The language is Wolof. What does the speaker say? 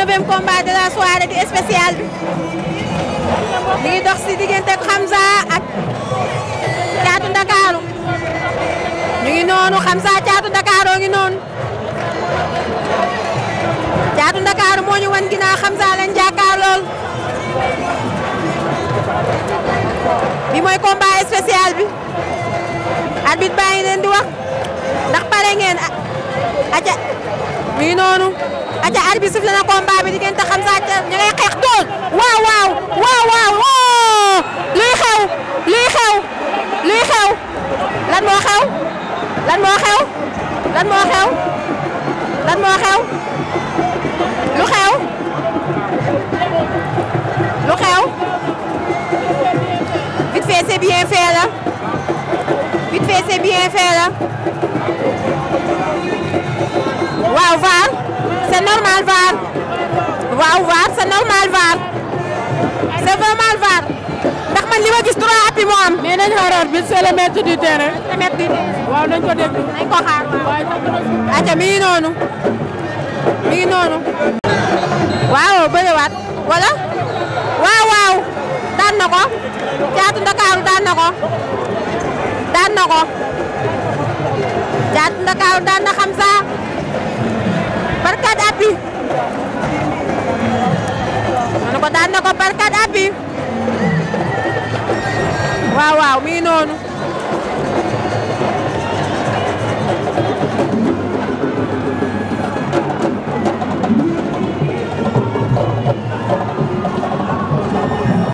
neuvième combat de la soirée du bi mi ngi dox si diggante ak ak caatu Ndakaaru ñu ngi noonu Hamza caatu Ndakaaru ngi noonu caatu Ndakaaru moo ñu wan ginnaaw Hamza lañ jàkkaar lool bi mooy combat spécial bi arbitre baa ngi leen di wax ndax pare ngeen aca mi noonu aca arbi sifflé na combat bi diggante Xamza Thiam ña ngay xeex doon waaw waaw waaw waaw luy xew luy xew luy xew lan moo xew lan moo xew lu xew lu xew vite fait c'est bien normal VAR waaw VAR c'est normal VAR c'est normal VAR ndax man li ma gis trois appui moo am. nee nañu xaaral bi c'est le maître du terrain. c'est le maître du terrain. waaw nañu ko déglu nañu ko xaar waaw. acca mi ngi noonu mi ngi noonu. waaw bëriwaat wala waaw waaw daan na ko Caatu Ndakaaru daan na ko daan na ko Caatu Ndakaaru daan na Xamza. daan na ko par quatre appuis waaw waaw mi ngi noonu.